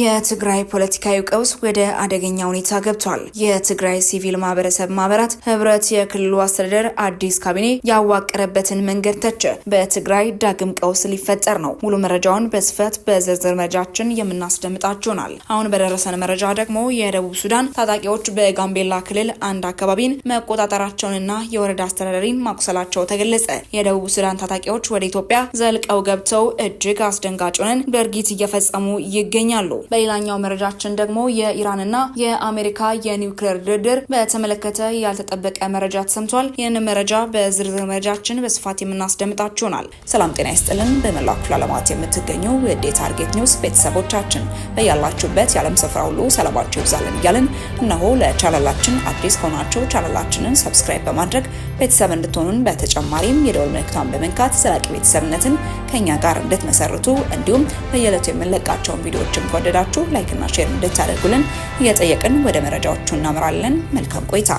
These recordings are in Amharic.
የትግራይ ፖለቲካዊ ቀውስ ወደ አደገኛ ሁኔታ ገብቷል። የትግራይ ሲቪል ማህበረሰብ ማህበራት ህብረት የክልሉ አስተዳደር አዲስ ካቢኔ ያዋቀረበትን መንገድ ተቸ። በትግራይ ዳግም ቀውስ ሊፈጠር ነው። ሙሉ መረጃውን በስፈት በዝርዝር መረጃችን ይሆናል። አሁን በደረሰን መረጃ ደግሞ የደቡብ ሱዳን ታጣቂዎች በጋምቤላ ክልል አንድ አካባቢን መቆጣጠራቸውንና የወረዳ አስተዳዳሪን ማቁሰላቸው ተገለጸ። የደቡብ ሱዳን ታጣቂዎች ወደ ኢትዮጵያ ዘልቀው ገብተው እጅግ አስደንጋጭ ሆነን ድርጊት እየፈጸሙ ይገኛሉ። በሌላኛው መረጃችን ደግሞ የኢራንና የአሜሪካ የኒውክሌር ድርድር በተመለከተ ያልተጠበቀ መረጃ ተሰምቷል። ይህንን መረጃ በዝርዝር መረጃችን በስፋት የምናስደምጣችሁናል። ሰላም ጤና ይስጥልን። በመላው ክፍለ ዓለማት የምትገኙ የዴ ታርጌት ኒውስ ቤተሰቦቻችን በያላችሁበት የዓለም ስፍራ ሁሉ ሰላማችሁ ይብዛልን እያልን እነሆ ለቻናላችን አዲስ ከሆናችሁ ቻናላችንን ሰብስክራይብ በማድረግ ቤተሰብ እንድትሆኑን በተጨማሪም የደወል ምልክቷን በመንካት ዘላቂ ቤተሰብነትን ከእኛ ጋር እንድትመሰርቱ እንዲሁም በየዕለቱ የምንለቃቸውን ቪዲዮዎችን ከወደ ከወደዳችሁ ላይክና ሼር እንድታደርጉልን እየጠየቅን ወደ መረጃዎቹ እናምራለን። መልካም ቆይታ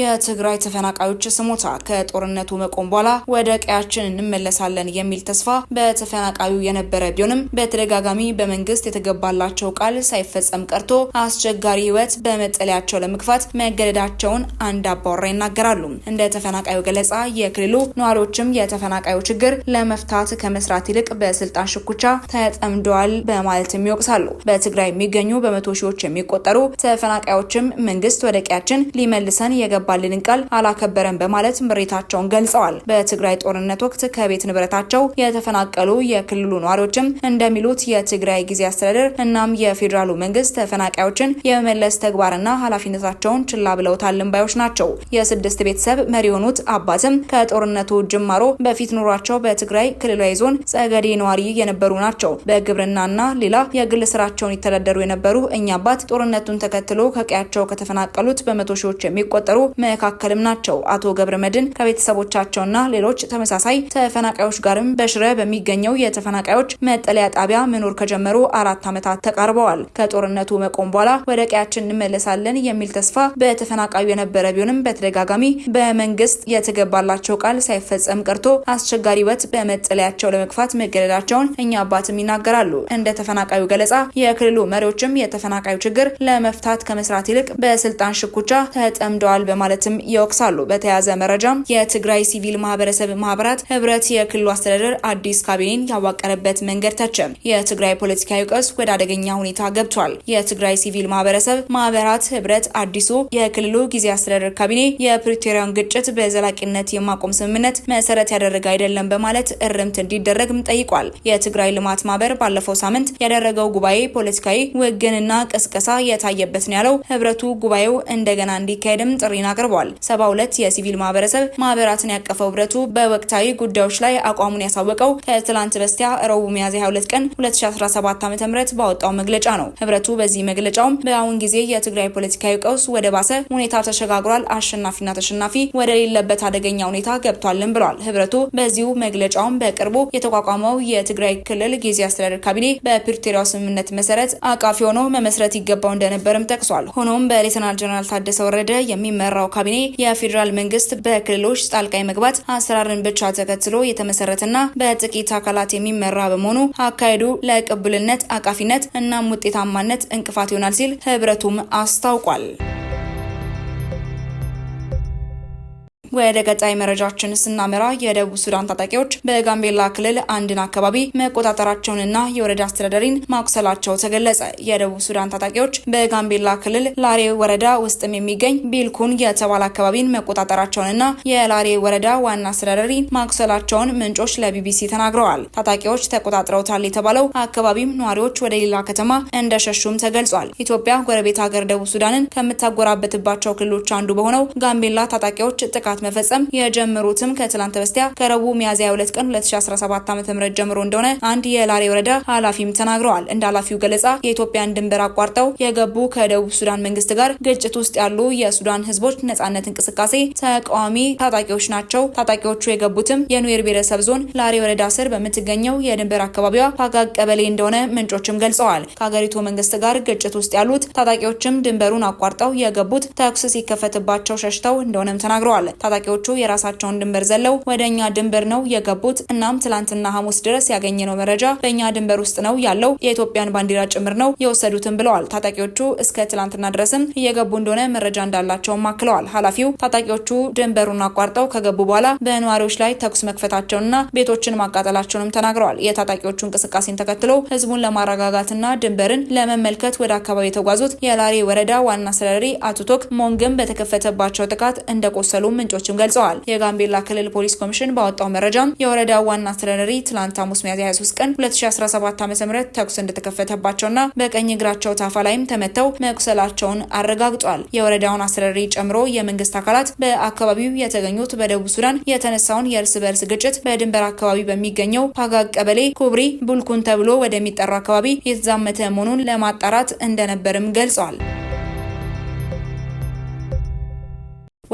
የትግራይ ተፈናቃዮች ስሞታ ከጦርነቱ መቆም በኋላ ወደ ቀያችን እንመለሳለን የሚል ተስፋ በተፈናቃዩ የነበረ ቢሆንም በተደጋጋሚ በመንግስት የተገባላቸው ቃል ሳይፈጸም ቀርቶ አስቸጋሪ ህይወት በመጠለያቸው ለመግፋት መገደዳቸውን አንድ አባወራ ይናገራሉ። እንደ ተፈናቃዩ ገለጻ የክልሉ ነዋሪዎችም የተፈናቃዩ ችግር ለመፍታት ከመስራት ይልቅ በስልጣን ሽኩቻ ተጠምደዋል በማለትም ይወቅሳሉ። በትግራይ የሚገኙ በመቶ ሺዎች የሚቆጠሩ ተፈናቃዮችም መንግስት ወደ ቀያችን ሊመልሰን የገባ የገባልንን ቃል አላከበረም በማለት ምሬታቸውን ገልጸዋል። በትግራይ ጦርነት ወቅት ከቤት ንብረታቸው የተፈናቀሉ የክልሉ ነዋሪዎችም እንደሚሉት የትግራይ ጊዜ አስተዳደር እናም የፌዴራሉ መንግስት ተፈናቃዮችን የመመለስ ተግባርና ኃላፊነታቸውን ችላ ብለውታል ባዮች ናቸው። የስድስት ቤተሰብ መሪ የሆኑት አባትም ከጦርነቱ ጅማሮ በፊት ኑሯቸው በትግራይ ክልላዊ ዞን ጸገዴ ነዋሪ የነበሩ ናቸው። በግብርናና ሌላ የግል ስራቸውን ይተዳደሩ የነበሩ እኛ አባት ጦርነቱን ተከትሎ ከቀያቸው ከተፈናቀሉት በመቶ ሺዎች የሚቆጠሩ መካከልም ናቸው። አቶ ገብረ መድን ከቤተሰቦቻቸውና ሌሎች ተመሳሳይ ተፈናቃዮች ጋርም በሽረ በሚገኘው የተፈናቃዮች መጠለያ ጣቢያ መኖር ከጀመሩ አራት ዓመታት ተቃርበዋል። ከጦርነቱ መቆም በኋላ ወደ ቀያችን እንመለሳለን የሚል ተስፋ በተፈናቃዩ የነበረ ቢሆንም በተደጋጋሚ በመንግስት የተገባላቸው ቃል ሳይፈጸም ቀርቶ አስቸጋሪ ህይወት በመጠለያቸው ለመግፋት መገደዳቸውን እኛ አባትም ይናገራሉ። እንደ ተፈናቃዩ ገለጻ የክልሉ መሪዎችም የተፈናቃዩ ችግር ለመፍታት ከመስራት ይልቅ በስልጣን ሽኩቻ ተጠምደዋል በማለት በማለትም ይወቅሳሉ። በተያያዘ መረጃ የትግራይ ሲቪል ማህበረሰብ ማህበራት ህብረት የክልሉ አስተዳደር አዲስ ካቢኔን ያዋቀረበት መንገድ ተቸ። የትግራይ ፖለቲካዊ ቀውስ ወደ አደገኛ ሁኔታ ገብቷል። የትግራይ ሲቪል ማህበረሰብ ማህበራት ህብረት አዲሱ የክልሉ ጊዜ አስተዳደር ካቢኔ የፕሪቶሪያን ግጭት በዘላቂነት የማቆም ስምምነት መሰረት ያደረገ አይደለም በማለት እርምት እንዲደረግም ጠይቋል። የትግራይ ልማት ማህበር ባለፈው ሳምንት ያደረገው ጉባኤ ፖለቲካዊ ውግንና ቅስቀሳ የታየበት ነው ያለው ህብረቱ ጉባኤው እንደገና እንዲካሄድም ጥሪ ጥያቄዎችን አቅርቧል። ሰባ ሁለት የሲቪል ማህበረሰብ ማህበራትን ያቀፈው ህብረቱ በወቅታዊ ጉዳዮች ላይ አቋሙን ያሳወቀው ከትላንት በስቲያ ረቡዕ ሚያዝያ 22 ቀን 2017 ዓ.ም ባወጣው መግለጫ ነው። ህብረቱ በዚህ መግለጫውም በአሁን ጊዜ የትግራይ ፖለቲካዊ ቀውስ ወደ ባሰ ሁኔታ ተሸጋግሯል፣ አሸናፊና ተሸናፊ ወደሌለበት አደገኛ ሁኔታ ገብቷልን ብሏል። ህብረቱ በዚሁ መግለጫውም በቅርቡ የተቋቋመው የትግራይ ክልል ጊዜ አስተዳደር ካቢኔ በፕሪቶሪያው ስምምነት መሰረት አቃፊ ሆኖ መመስረት ይገባው እንደነበርም ጠቅሷል። ሆኖም በሌተናል ጀነራል ታደሰ ወረደ የሚመራ የተጠራው ካቢኔ የፌዴራል መንግስት በክልሎች ጣልቃ የመግባት አሰራርን ብቻ ተከትሎ የተመሰረተና በጥቂት አካላት የሚመራ በመሆኑ አካሄዱ ለቅቡልነት አቃፊነት እናም ውጤታማነት እንቅፋት ይሆናል ሲል ህብረቱም አስታውቋል። ወደ ቀጣይ መረጃችን ስናመራ የደቡብ ሱዳን ታጣቂዎች በጋምቤላ ክልል አንድን አካባቢ መቆጣጠራቸውንና የወረዳ አስተዳደሪን ማቁሰላቸው ተገለጸ። የደቡብ ሱዳን ታጣቂዎች በጋምቤላ ክልል ላሬ ወረዳ ውስጥም የሚገኝ ቢልኩን የተባለ አካባቢን መቆጣጠራቸውንና የላሬ ወረዳ ዋና አስተዳዳሪን ማቁሰላቸውን ምንጮች ለቢቢሲ ተናግረዋል። ታጣቂዎች ተቆጣጥረውታል የተባለው አካባቢም ነዋሪዎች ወደ ሌላ ከተማ እንደሸሹም ተገልጿል። ኢትዮጵያ ጎረቤት ሀገር ደቡብ ሱዳንን ከምታጎራበትባቸው ክልሎች አንዱ በሆነው ጋምቤላ ታጣቂዎች ጥቃት መፈጸም የጀመሩትም ከትላንት በስቲያ ከረቡ ሚያዝያ 2 ቀን 2017 ዓ.ም ጀምሮ እንደሆነ አንድ የላሬ ወረዳ ኃላፊም ተናግረዋል። እንደ ኃላፊው ገለጻ የኢትዮጵያን ድንበር አቋርጠው የገቡ ከደቡብ ሱዳን መንግስት ጋር ግጭት ውስጥ ያሉ የሱዳን ህዝቦች ነጻነት እንቅስቃሴ ተቃዋሚ ታጣቂዎች ናቸው። ታጣቂዎቹ የገቡትም የኑዌር ብሔረሰብ ዞን ላሬ ወረዳ ስር በምትገኘው የድንበር አካባቢዋ ፓጋግ ቀበሌ እንደሆነ ምንጮችም ገልጸዋል። ከሀገሪቱ መንግስት ጋር ግጭት ውስጥ ያሉት ታጣቂዎችም ድንበሩን አቋርጠው የገቡት ተኩስ ሲከፈትባቸው ሸሽተው እንደሆነም ተናግረዋል። ታጣቂዎቹ የራሳቸውን ድንበር ዘለው ወደ እኛ ድንበር ነው የገቡት። እናም ትላንትና ሐሙስ ድረስ ያገኘነው መረጃ በእኛ ድንበር ውስጥ ነው ያለው የኢትዮጵያን ባንዲራ ጭምር ነው የወሰዱትም ብለዋል። ታጣቂዎቹ እስከ ትላንትና ድረስም እየገቡ እንደሆነ መረጃ እንዳላቸውም አክለዋል። ኃላፊው ታጣቂዎቹ ድንበሩን አቋርጠው ከገቡ በኋላ በነዋሪዎች ላይ ተኩስ መክፈታቸውንና ቤቶችን ማቃጠላቸውንም ተናግረዋል። የታጣቂዎቹ እንቅስቃሴን ተከትሎ ህዝቡን ለማረጋጋትና ድንበርን ለመመልከት ወደ አካባቢ የተጓዙት የላሬ ወረዳ ዋና አስተዳዳሪ አቶ ቶክ ሞንግም በተከፈተባቸው ጥቃት እንደቆሰሉ ምንጮ ምንጮችም ገልጸዋል። የጋምቤላ ክልል ፖሊስ ኮሚሽን ባወጣው መረጃም የወረዳ ዋና አስተዳዳሪ ትላንት ሐሙስ ሚያዝያ 23 ቀን 2017 ዓ ም ተኩስ እንደተከፈተባቸውና በቀኝ እግራቸው ታፋ ላይም ተመተው መቁሰላቸውን አረጋግጧል። የወረዳውን አስተዳዳሪ ጨምሮ የመንግስት አካላት በአካባቢው የተገኙት በደቡብ ሱዳን የተነሳውን የእርስ በእርስ ግጭት በድንበር አካባቢ በሚገኘው ፓጋግ ቀበሌ ኩብሪ ቡልኩን ተብሎ ወደሚጠራው አካባቢ የተዛመተ መሆኑን ለማጣራት እንደነበርም ገልጸዋል።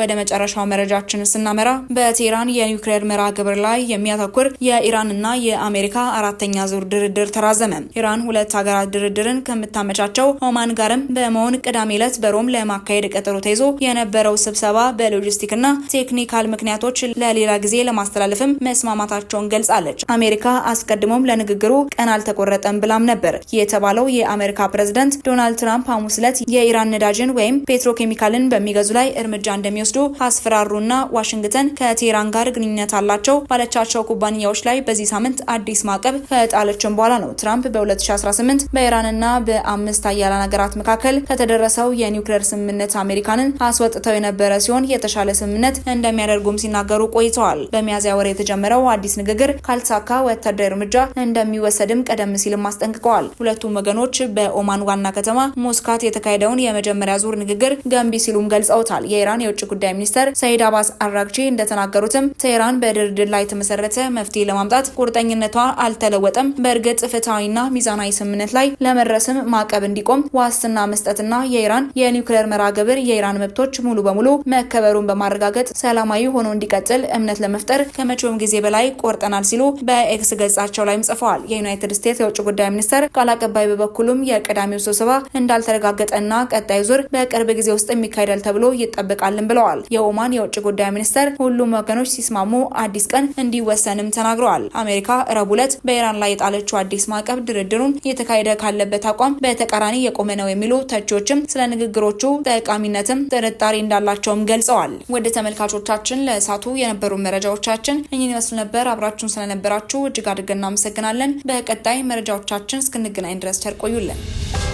ወደ መጨረሻው መረጃችን ስናመራ በቴህራን የኒውክሌር መርሃ ግብር ላይ የሚያተኩር የኢራንና የአሜሪካ አራተኛ ዙር ድርድር ተራዘመ። ኢራን ሁለት ሀገራት ድርድርን ከምታመቻቸው ኦማን ጋርም በመሆን ቅዳሜ ዕለት በሮም ለማካሄድ ቀጠሮ ተይዞ የነበረው ስብሰባ በሎጂስቲክና ቴክኒካል ምክንያቶች ለሌላ ጊዜ ለማስተላለፍም መስማማታቸውን ገልጻለች። አሜሪካ አስቀድሞም ለንግግሩ ቀን አልተቆረጠም ብላም ነበር የተባለው የአሜሪካ ፕሬዝደንት ዶናልድ ትራምፕ ሐሙስ ዕለት የኢራን ነዳጅን ወይም ፔትሮኬሚካልን በሚገዙ ላይ እርምጃ እንደሚ እንደሚወስዱ አስፈራሩና ዋሽንግተን ከቴህራን ጋር ግንኙነት አላቸው ባለቻቸው ኩባንያዎች ላይ በዚህ ሳምንት አዲስ ማዕቀብ ከጣለችን በኋላ ነው ትራምፕ በ2018 በኢራንና በአምስት አያላን ሀገራት መካከል ከተደረሰው የኒውክሌር ስምምነት አሜሪካንን አስወጥተው የነበረ ሲሆን የተሻለ ስምምነት እንደሚያደርጉም ሲናገሩ ቆይተዋል። በሚያዝያ ወር የተጀመረው አዲስ ንግግር ካልተሳካ ወታደራዊ እርምጃ እንደሚወሰድም ቀደም ሲልም አስጠንቅቀዋል። ሁለቱም ወገኖች በኦማን ዋና ከተማ ሞስካት የተካሄደውን የመጀመሪያ ዙር ንግግር ገንቢ ሲሉም ገልጸውታል። የኢራን የውጭ ጉዳይ ሚኒስተር ሰይድ አባስ አራግቺ እንደተናገሩትም ቴህራን በድርድር ላይ የተመሰረተ መፍትሄ ለማምጣት ቁርጠኝነቷ አልተለወጠም። በእርግጥ ፍትሐዊና ሚዛናዊ ስምምነት ላይ ለመድረስም ማዕቀብ እንዲቆም ዋስትና መስጠትና የኢራን የኒውክሌር መርሃ ግብር የኢራን መብቶች ሙሉ በሙሉ መከበሩን በማረጋገጥ ሰላማዊ ሆኖ እንዲቀጥል እምነት ለመፍጠር ከመቼውም ጊዜ በላይ ቆርጠናል ሲሉ በኤክስ ገጻቸው ላይም ጽፈዋል። የዩናይትድ ስቴትስ የውጭ ጉዳይ ሚኒስተር ቃል አቀባይ በበኩሉም የቀዳሚው ስብሰባ እንዳልተረጋገጠና ቀጣይ ዙር በቅርብ ጊዜ ውስጥ የሚካሄዳል ተብሎ ይጠበቃልን ብለዋል። ብለዋል። የኦማን የውጭ ጉዳይ ሚኒስተር ሁሉም ወገኖች ሲስማሙ አዲስ ቀን እንዲወሰንም ተናግረዋል። አሜሪካ ረቡዕ ዕለት በኢራን ላይ የጣለችው አዲስ ማዕቀብ ድርድሩን እየተካሄደ ካለበት አቋም በተቃራኒ የቆመ ነው የሚሉ ተቺዎችም ስለ ንግግሮቹ ጠቃሚነትም ጥርጣሬ እንዳላቸውም ገልጸዋል። ወደ ተመልካቾቻችን ለእሳቱ የነበሩ መረጃዎቻችን እኚህን ይመስሉ ነበር። አብራችሁን ስለነበራችሁ እጅግ አድርገን እናመሰግናለን። በቀጣይ መረጃዎቻችን እስክንገናኝ ድረስ ቸር ቆዩልን።